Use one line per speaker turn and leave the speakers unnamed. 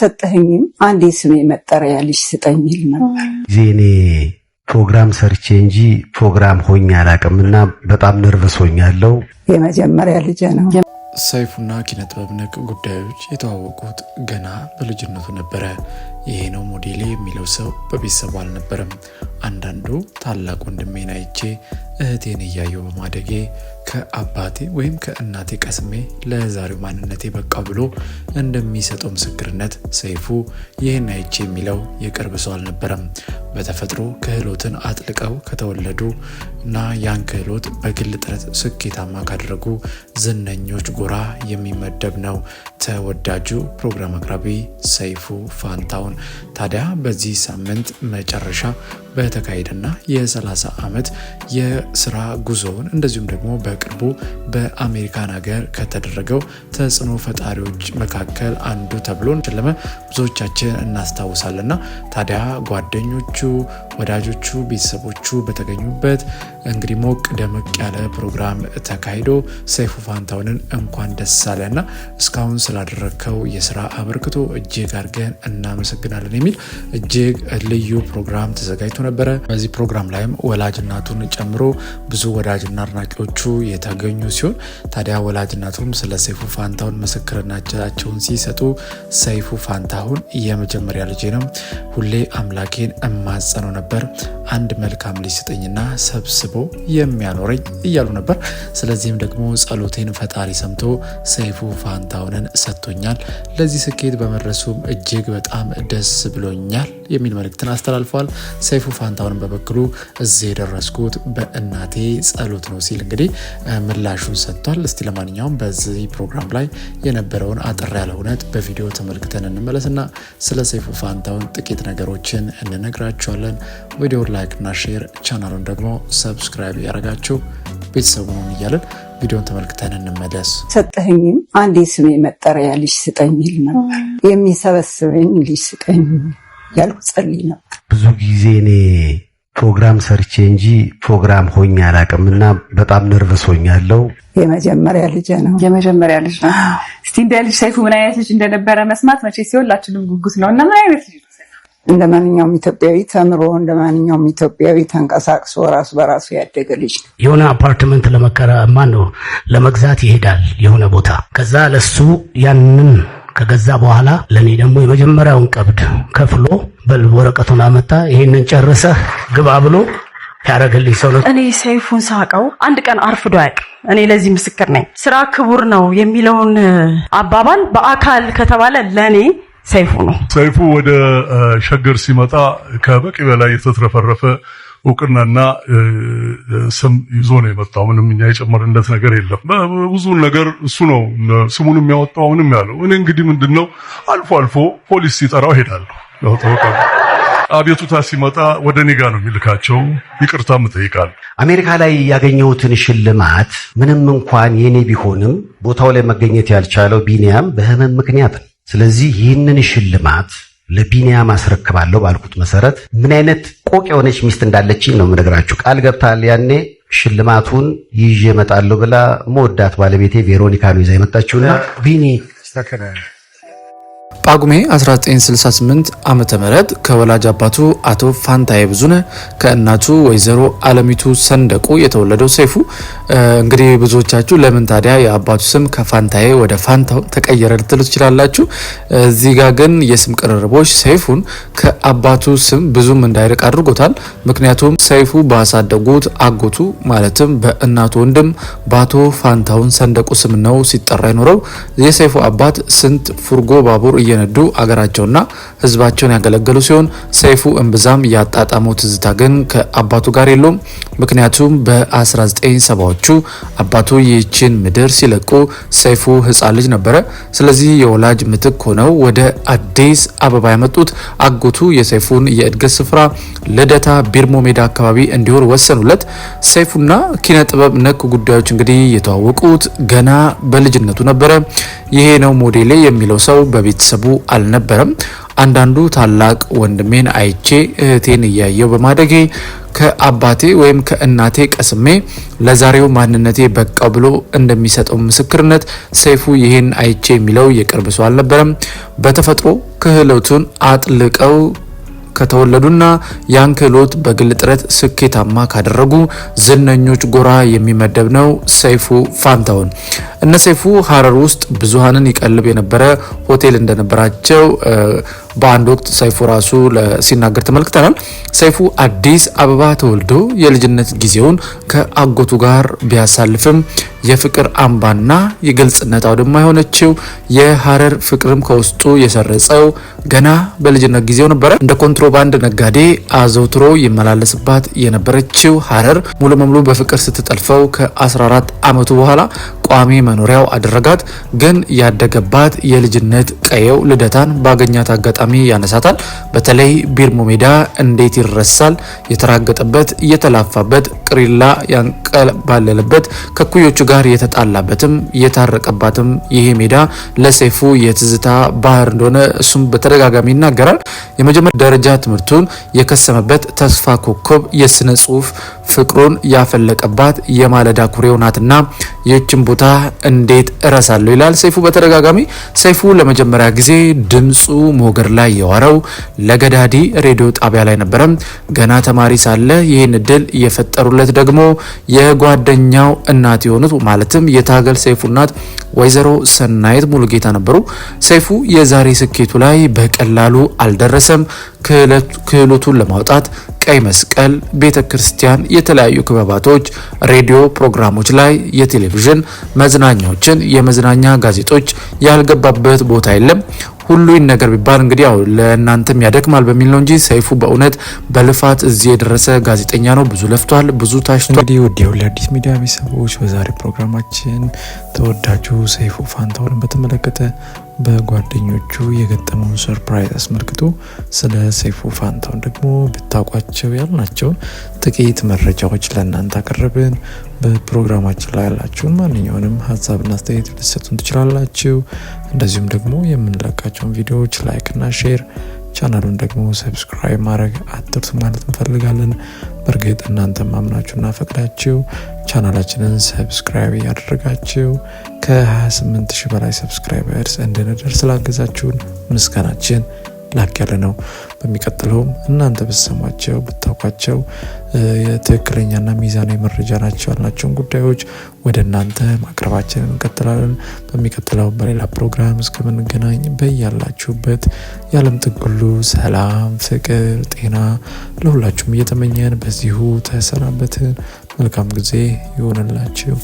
ሰጠኝም አንድ ስሜ መጠሪያ ልጅ ስጠኝ ይል ነበር።
ዜኔ ፕሮግራም ሰርቼ እንጂ ፕሮግራም ሆኜ አላቅምና በጣም ነርቨስ ሆኛለሁ።
የመጀመሪያ ልጃ ነው።
ሰይፉና ኪነጥበብ ነክ ጉዳዮች የተዋወቁት ገና በልጅነቱ ነበረ። ይሄ ነው ሞዴሌ የሚለው ሰው በቤተሰቡ አልነበረም። አንዳንዱ ታላቅ ወንድሜን አይቼ እህቴን እያየው በማደጌ ከአባቴ ወይም ከእናቴ ቀስሜ ለዛሬው ማንነቴ በቃ ብሎ እንደሚሰጠው ምስክርነት ሰይፉ ይህን አይቼ የሚለው የቅርብ ሰው አልነበረም። በተፈጥሮ ክህሎትን አጥልቀው ከተወለዱ እና ያን ክህሎት በግል ጥረት ስኬታማ ካደረጉ ዝነኞች ጎራ የሚመደብ ነው ተወዳጁ ፕሮግራም አቅራቢ ሰይፉ ፋንታውን ታዲያ በዚህ ሳምንት መጨረሻ በተካሄደና የ30 ዓመት የስራ ጉዞውን እንደዚሁም ደግሞ በቅርቡ በአሜሪካን ሀገር ከተደረገው ተጽዕኖ ፈጣሪዎች መካከል አንዱ ተብሎ ሸለመ ብዙዎቻችን እናስታውሳለንና ታዲያ ጓደኞቹ፣ ወዳጆቹ፣ ቤተሰቦቹ በተገኙበት እንግዲህ ሞቅ ደመቅ ያለ ፕሮግራም ተካሂዶ ሰይፉ ፋንታውንን እንኳን ደስ ና እስካሁን ስላደረግከው የስራ አበርክቶ እጅግ አድርገን እናመሰግናለን የሚል እጅግ ልዩ ፕሮግራም ተዘጋጅቶ ነበረ። በዚህ ፕሮግራም ላይም ወላጅናቱን ጨምሮ ብዙ ወዳጅና አድናቂዎቹ የተገኙ ሲሆን ታዲያ ወላጅናቱም ስለ ሰይፉ ፋንታውን ምስክርናቸውን ሲሰጡ ሰይፉ ፋንታሁን የመጀመሪያ ልጄ ነው። ሁሌ አምላኬን እማጸነው ነበር አንድ መልካም ልጅ ስጠኝና ሰብስቦ የሚያኖረኝ እያሉ ነበር። ስለዚህም ደግሞ ጸሎቴን ፈጣሪ ሰምቶ ሰይፉ ፋንታውንን ሰጥቶኛል። ለዚህ ስኬት በመድረሱም እጅግ በጣም ደስ ብሎኛል የሚል መልእክትን አስተላልፏል። ሰይፉ ፋንታውንን በበኩሉ እዚህ የደረስኩት በእናቴ ጸሎት ነው ሲል እንግዲህ ምላሹን ሰጥቷል። እስቲ ለማንኛውም በዚህ ፕሮግራም ላይ የነበረውን አጠር ያለ እውነት በቪዲዮ ተመልክተን እንመለስና ስለ ሰይፉ ፋንታውን ጥቂት ነገሮችን እንነግራቸዋለን። ቪዲዮ ላይክና ሼር ቻናሉን ደግሞ ሰብ ሰብስክራይብ ያደረጋችሁ ቤተሰቡን እያለን ቪዲዮን ተመልክተን እንመለስ።
ሰጠኝም አንድ የስሜ መጠሪያ ልጅ ስጠኝ ይል ነበር። የሚሰበስበኝ ልጅ ስጠኝ ያልኩ ጸልይ ነበር።
ብዙ ጊዜ እኔ ፕሮግራም ሰርቼ እንጂ ፕሮግራም ሆኜ አላውቅም እና በጣም ነርቨስ ሆኛለሁ።
የመጀመሪያ ልጅ ነው። የመጀመሪያ ልጅ ነው።
እስቲ እንደ ልጅ ሰይፉ ምን አይነት ልጅ እንደነበረ መስማት መቼ ሲሆን ላችንም ጉጉት ነው እና ምን አይነት ልጅ ነው
እንደ ማንኛውም ኢትዮጵያዊ ተምሮ እንደ ማንኛውም ኢትዮጵያዊ ተንቀሳቅሶ ራሱ በራሱ ያደገ ልጅ ነው።
የሆነ አፓርትመንት ለመከራ ማን ነው ለመግዛት ይሄዳል የሆነ ቦታ ከዛ ለሱ ያንን ከገዛ በኋላ ለእኔ ደግሞ የመጀመሪያውን ቀብድ ከፍሎ በል ወረቀቱን አመጣ ይህንን ጨርሰህ ግባ ብሎ ያደረግልኝ ሰው ነው።
እኔ ሰይፉን ሳቀው አንድ ቀን አርፍዶ አያውቅም። እኔ ለዚህ ምስክር ነኝ። ስራ ክቡር ነው የሚለውን አባባል በአካል ከተባለ ለእኔ ሰይፉ ነው።
ሰይፉ ወደ ሸገር ሲመጣ ከበቂ በላይ የተትረፈረፈ እውቅናና ስም ይዞ ነው የመጣው። ምንም እኛ የጨመርነት ነገር የለም። ብዙ ነገር እሱ ነው ስሙን የሚያወጣው ምንም ያለው። እኔ እንግዲህ ምንድን ነው አልፎ አልፎ ፖሊስ ሲጠራው ሄዳለሁ። አቤቱታ ሲመጣ ወደ እኔ ጋ ነው የሚልካቸው። ይቅርታም እጠይቃለሁ።
አሜሪካ ላይ ያገኘሁትን ሽልማት ምንም እንኳን የኔ ቢሆንም ቦታው ላይ መገኘት ያልቻለው ቢኒያም በህመም ምክንያት ነው። ስለዚህ ይህንን ሽልማት ለቢንያም አስረክባለሁ ባልኩት መሰረት ምን አይነት ቆቅ የሆነች ሚስት እንዳለች ነው የምነግራችሁ። ቃል ገብታል ያኔ ሽልማቱን ይዤ እመጣለሁ ብላ መወዳት ባለቤቴ ቬሮኒካ ነው ይዛ የመጣችሁና ቢኒ
ጳጉሜ 1968 ዓ ም ከወላጅ አባቱ አቶ ፋንታዬ ብዙነ ከእናቱ ወይዘሮ አለሚቱ ሰንደቁ የተወለደው ሰይፉ እንግዲህ ብዙዎቻችሁ ለምን ታዲያ የአባቱ ስም ከፋንታዬ ወደ ፋንታው ተቀየረ ልትሉ ትችላላችሁ። እዚህ ጋር ግን የስም ቅርርቦች ሰይፉን ከአባቱ ስም ብዙም እንዳይርቅ አድርጎታል። ምክንያቱም ሰይፉ ባሳደጉት አጎቱ ማለትም በእናቱ ወንድም በአቶ ፋንታውን ሰንደቁ ስም ነው ሲጠራ ይኖረው። የሰይፉ አባት ስንት ፉርጎ ባቡር እየ እየነዱ አገራቸውና ህዝባቸውን ያገለገሉ ሲሆን ሰይፉ እምብዛም ያጣጣመው ትዝታ ግን ከአባቱ ጋር የለውም። ምክንያቱም በ1970ዎቹ አባቱ ይህችን ምድር ሲለቁ ሰይፉ ህፃን ልጅ ነበረ። ስለዚህ የወላጅ ምትክ ሆነው ወደ አዲስ አበባ ያመጡት አጎቱ የሰይፉን የእድገት ስፍራ ልደታ ቢርሞ ሜዳ አካባቢ እንዲሆን ወሰኑለት። ሰይፉና ኪነ ጥበብ ነክ ጉዳዮች እንግዲህ የተዋወቁት ገና በልጅነቱ ነበረ። ይሄ ነው ሞዴሌ የሚለው ሰው በቤተሰቡ አልነበረም። አንዳንዱ ታላቅ ወንድሜን አይቼ እህቴን እያየው በማደጌ ከአባቴ ወይም ከእናቴ ቀስሜ ለዛሬው ማንነቴ በቃው ብሎ እንደሚሰጠው ምስክርነት ሰይፉ ይህን አይቼ የሚለው የቅርብ ሰው አልነበረም። በተፈጥሮ ክህሎቱን አጥልቀው ከተወለዱና ያን ክህሎት በግል ጥረት ስኬታማ ካደረጉ ዝነኞች ጎራ የሚመደብ ነው። ሰይፉ ፋንታውን እነ ሰይፉ ሀረር ውስጥ ብዙሀንን ይቀልብ የነበረ ሆቴል እንደነበራቸው በአንድ ወቅት ሰይፉ ራሱ ሲናገር ተመልክተናል። ሰይፉ አዲስ አበባ ተወልዶ የልጅነት ጊዜውን ከአጎቱ ጋር ቢያሳልፍም የፍቅር አምባና የግልጽነት አውድማ የሆነችው የሀረር ፍቅርም ከውስጡ የሰረጸው ገና በልጅነት ጊዜው ነበረ። እንደ ኮንትሮባንድ ነጋዴ አዘውትሮ ይመላለስባት የነበረችው ሀረር ሙሉ በሙሉ በፍቅር ስትጠልፈው ከ14 ዓመቱ በኋላ ቋሚ መኖሪያው አደረጋት። ግን ያደገባት የልጅነት ቀየው ልደታን ባገኛት አጋጣሚ ያነሳታል። በተለይ ቢርሞ ሜዳ እንዴት ይረሳል? የተራገጠበት፣ የተላፋበት፣ ቅሪላ ያንቀባለለበት፣ ከኩዮቹ ጋር የተጣላበትም የታረቀባትም ይሄ ሜዳ ለሰይፉ የትዝታ ባህር እንደሆነ እሱም በተደጋጋሚ ይናገራል። የመጀመሪያ ደረጃ ትምህርቱን የከሰመበት ተስፋ ኮከብ የስነ ጽሁፍ ፍቅሩን ያፈለቀባት የማለዳ ኩሬው ናትና ይህችን ቦታ እንዴት እረሳለሁ ይላል ሰይፉ በተደጋጋሚ። ሰይፉ ለመጀመሪያ ጊዜ ድምፁ ሞገድ ላይ የዋረው ለገዳዲ ሬዲዮ ጣቢያ ላይ ነበረ። ገና ተማሪ ሳለ ይህን እድል የፈጠሩለት ደግሞ የጓደኛው እናት የሆኑት ማለትም የታገል ሰይፉ እናት ወይዘሮ ሰናይት ሙሉጌታ ነበሩ። ሰይፉ የዛሬ ስኬቱ ላይ በቀላሉ አልደረሰም። ክህሎቱን ለማውጣት ቀይ መስቀል፣ ቤተ ክርስቲያን፣ የተለያዩ ክበባቶች፣ ሬዲዮ ፕሮግራሞች ላይ የቴሌቪዥን መዝናኛዎችን፣ የመዝናኛ ጋዜጦች ያልገባበት ቦታ የለም። ሁሉ ነገር ቢባል እንግዲህ ያው ለእናንተም ያደክማል በሚል ነው እንጂ ሰይፉ በእውነት በልፋት እዚህ የደረሰ ጋዜጠኛ ነው። ብዙ ለፍቷል፣ ብዙ ታሽቷል። እንግዲህ ወዲ ሁ አዲስ ሚዲያ ቤተሰቦች በዛሬ ፕሮግራማችን ተወዳጁ ሰይፉ ፋንታሁንን በተመለከተ በጓደኞቹ የገጠመውን ሰርፕራይዝ አስመልክቶ ስለ ሰይፉ ፋንታውን ደግሞ ብታውቋቸው ያልናቸውን ጥቂት መረጃዎች ለእናንተ አቀረብን። በፕሮግራማችን ላይ ያላችሁን ማንኛውንም ሀሳብና አስተያየት ልሰጡን ትችላላችሁ። እንደዚሁም ደግሞ የምንለቃቸውን ቪዲዮዎች ላይክ እና ሼር ቻናሉን ደግሞ ሰብስክራይብ ማድረግ አትርቱ ማለት እንፈልጋለን። በእርግጥ እናንተ ማምናችሁና ፈቅዳችሁ ቻናላችንን ሰብስክራይብ እያደረጋችው ከ28 ሺህ በላይ ሰብስክራይበርስ እንድንደርስ ስላገዛችሁን ምስጋናችን ላቅ ያለ ነው። በሚቀጥለውም እናንተ ብትሰሟቸው ብታውቋቸው የትክክለኛና ሚዛናዊ መረጃ ናቸው ያላቸውን ጉዳዮች ወደ እናንተ ማቅረባችንን እንቀጥላለን። በሚቀጥለው በሌላ ፕሮግራም እስከምንገናኝ በያላችሁበት የዓለም ጥጉሉ ሰላም፣ ፍቅር፣ ጤና ለሁላችሁም እየተመኘን በዚሁ ተሰናበትን። መልካም ጊዜ ይሆንላችሁ።